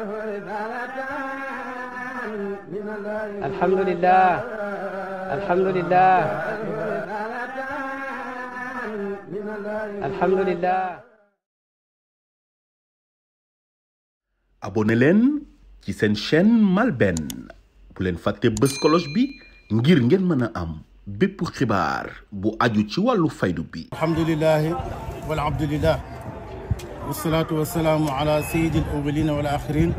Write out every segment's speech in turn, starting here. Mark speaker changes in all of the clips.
Speaker 1: alhamdulilah alhamdulilah alhamdulilah abonné leen ci seen chaîne MALBN bu leen fàtte bës cloche bi ngir ngeen mën a am bépp xibaar bu aju ci wàllu faydu bi alhamdulilah wal abdulilah wasalaatu wasalaamu ala sayidil awalina wal axirin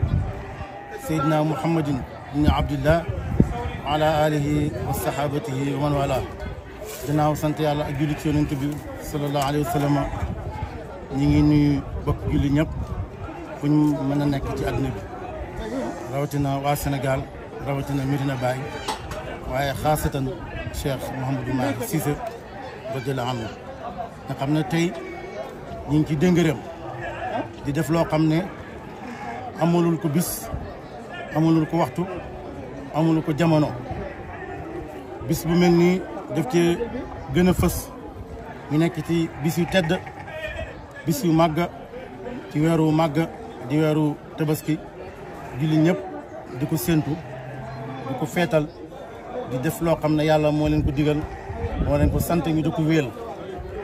Speaker 1: sayidina muhammadin ibni abdillah wa ala alihi wa man wala dinaaw sant yàlla ak julli ci yonent bi sallallahu wa sallam ñi ngi nuyu bokk julli ñëpp fu ñu mën a nekk ci àdduna bi rawatina waa Sénégal rawatina Medina Baye waaye xaasatan Cheikh Mouhamadou Mahi Cissé radiyallahu anhu nga xam na tey ñu ngi ci dëngëreem di def loo xam ne amalul ko bis amulul ko waxtu amalul ko jamono bis bu mel nii daf cee gën fës ñu nekk ci bis yu tedd bis yu màgg ci weeru màgg di weeru tabaski julli ñëpp di ko séentu di ko feetal di def loo xam ne yàlla moo leen ko digal moo leen ko sant ñu di ko wéel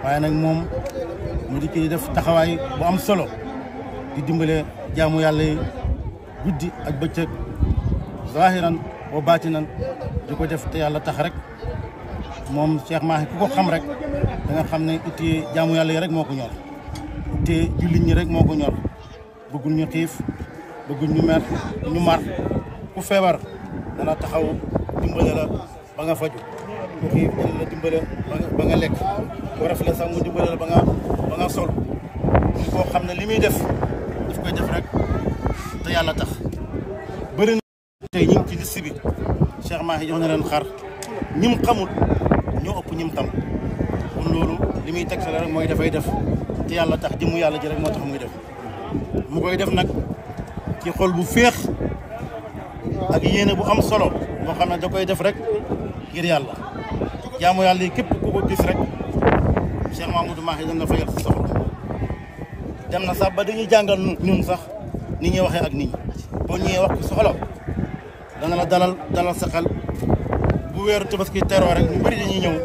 Speaker 1: waaye nag moom mu di ki def taxawaay bu am solo di dimbale jaamu yàlla yi guddi ak bëccëg zahiran wa baatinan di ko def te yàlla tax rek moom Cheikh Mahi ku xam rek da nga xam ne ittee jamu yàlla rek moo ko ñor ittee jullit ñi rek moo ko ñor bëggul ñu xiif bëggul ñu mer ñu mar ku feebar dana taxaw dimbale ba nga faju ku xiif dana ba nga lekk ku rafle sax mu dimbale ba nga sol koo xam ne li muy def te yàlla tax bëri na tey ñu ci liste bi Cheikh Mahi jox na leen xar ñim xamul ñoo ëpp ñim tam kon loolu li muy teg rek mooy dafay def te yàlla tax mu yàlla ji rek moo tax muy def mu koy def nag ci xol bu feex ak yéene bu am solo boo xam ne da koy def rek ngir yàlla jaamu yàlla yi képp ku ko gis rek Cheikh Mamadou Mahi dana fayal sa soxla dem na sax ba dañuy jàngal ñun sax ni ñuy waxee ak nit ñi ñu ñëwee wax ko soxla dana la dalal dalal saxal xel bu weeru tabaski teroo rek ñu bëri ñu ñëw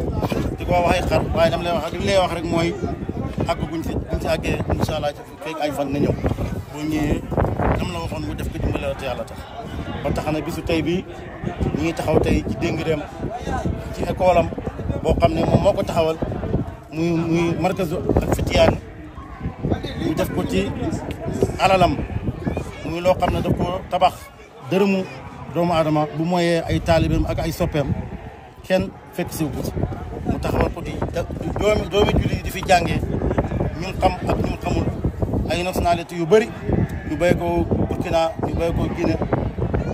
Speaker 1: di ko wax ay xar waaye dama lay wax li lay wax rek mooy ak buñ fi si fi àggee incha allah ci ay fan nga ñëw boo ñu dam la waxoon mu def ko dimbale la te yàlla tax ba tax na bisu tey bi ñu ngi taxaw tey ci déngireem ci école am boo xam ne moom moo ko taxawal muy muy markazu ak fitiyaan ci alalam muy loo xam ne daf ko tabax dërëmu doomu aadama bu mooyee ay taalibeem ak ay soppeem kenn fekk siw ko mu taxawal ko di doomi doomi julli di fi jàngee ñun xam ak ñun xamul ay nationalité yu bëri ñu béy ko Burkina ñu béy ko Guinée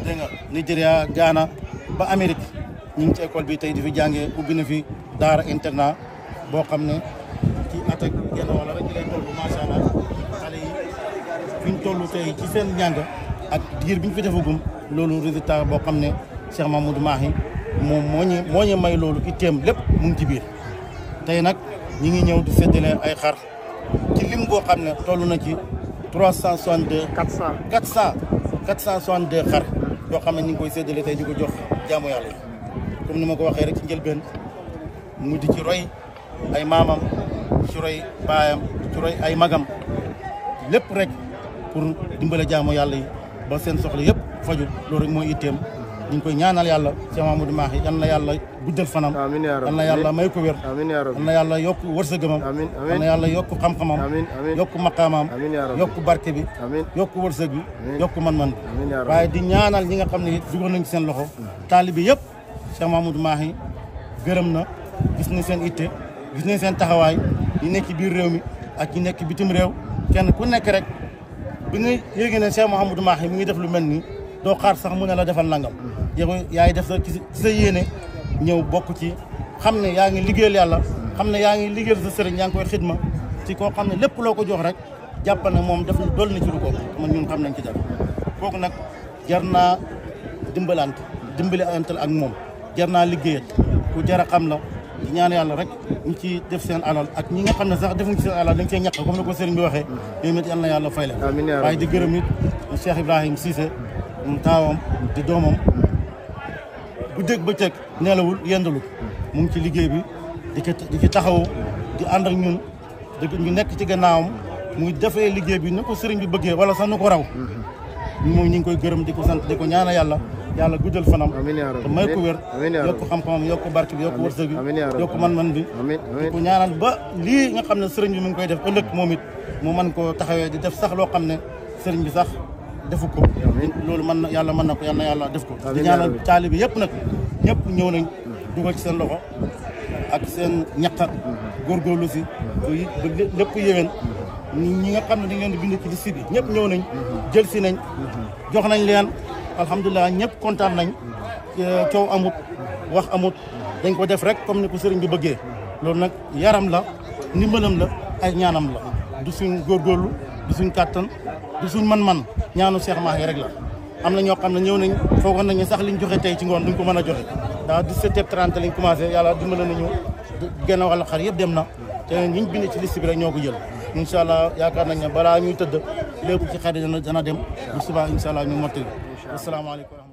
Speaker 1: dégg nga Nigéria ba Amérique ñu ngi ci école bi tey di fi jàngee ubbi na fi daara internat boo xam ne ci at genn wala tey ci seen njàng ak diir bi ñu fi defagum loolu résultat boo xam ne Cheikh Mamadou Mahi moom moo ñu moo ñu may loolu itteem lépp mu ngi ci biir tey nag ñi ngi ñëw di séddale ay xar ci lim goo xam ne toll na ci trois cent soixante-deux quatre cent cent quatre cent soixante-deux xar yoo xam ne ñu ngi koy séddale tey di ko jox jaamu yàlla yi comme ma ko waxee rek ci njëlbeen mu di ci roy ay maamam ci roy baayam ci roy ay magam lépp rek pour dimbale jaamu yàlla yi ba seen soxla yëpp faju loolu rek mooy itteem ñu ngi koy ñaanal yàlla Cheikh Mamadou Mahi yan na yàlla guddal fanam yan na yàlla may ko wér yan na yàlla yokk wërsëgamam yan na yàlla yokk xam-xamam yokk maqaamam yokk barke yokk wërsëg yokk man-man waaye di ñaanal ñi nga xam ne dugal nañ seen loxo taalibi yëpp Cheikh Mamadou Mahi gërëm na gis nañ seen itte gis nañ seen taxawaay ñi nekk biir réew mi ak ñi nekk bitim réew kenn ku nekk rek bi nga yéegee ne Cheikh Mouhamadou Mahi mu ngi def lu mel nii doo xaar sax mu ne la defal nangam yow yaay def sa ci sa yéene ñëw bokk ci xam ne yaa ngi liggéeyal yàlla xam ne yaa ngi liggéeyal sa sëriñ yaa ngi koy xidma ci koo xam ne lépp loo ko jox rek jàppal ne moom def na dool na ci lu ko man ñun xam nañ ci def kooku nag jar naa dimbalante dimbali antal ak moom jar naa liggéeyal ku jar a xam na di ñaan yàlla rek ñu ci def seen alal ak ñi nga xam ne sax defuñ ci seen alal dañ cee ñàkk comme ni ko sëriñ bi waxee ñooñu it yal na yàlla fay leen waaye di gërëm it Cheikh Ibrahim Cissé mu taawam di doomam bu dégg bëccëg nelawul yendalu mu ngi ci liggéey bi di ko di ci taxawu di ànd ak ñun di ñu nekk ci gannaawam muy defee liggéey bi ni ko sëriñ bi bëggee wala sax nu ko raw mm-hmm. moom ñu ngi koy gërëm di ko sant di ko ñaana yàlla yàlla guddal fanam te may ko wér yokk xam-xamam yokk barke bi yokk wërsëg bi yokk man-man bi di ko ñaanal ba lii nga xam ne sëriñ bi mu ngi koy def ëllëg moom it mu mën koo taxawee di def sax loo xam ne sëriñ bi sax defu ko loolu man na yàlla mën na ko yal na yàlla def ko di ñaanal taalibe yëpp nag ñëpp ñëw nañ dugal ci seen loxo ak seen ñaq ak góorgóorlu si ba lépp yéwén ñi nga xam ne dañ ngeen di bind ci liste bi ñëpp ñëw nañ jël si nañ jox nañ leen alhamdulilah ñëpp kontaan nañ euh, coow amut wax amut dañ ko def rek comme ni ko sëriñ bi bëggee loolu nag yaram la ni ndimbalam la ay ñaanam la du suñ góorgóorlu du suñ kàttan du suñ man-man ñaanu Cheikh Mahi rek la am na ñoo xam ne ñëw nañ foogoon nañ sax liñ joxe tey ci ngoon duñ ko mën a joxe daa 17h30 lañ commencé yàlla dimbale nañu genn wax la xar yëpp dem na te ñiñ bind ci liste bi rek ñoo ko jël incha allah yaakaar nañ ne balaa ñuy tëdd lépp ci xar yi dana dem bu subaa incha allah ñu mottali incha allah asalaamaaleykum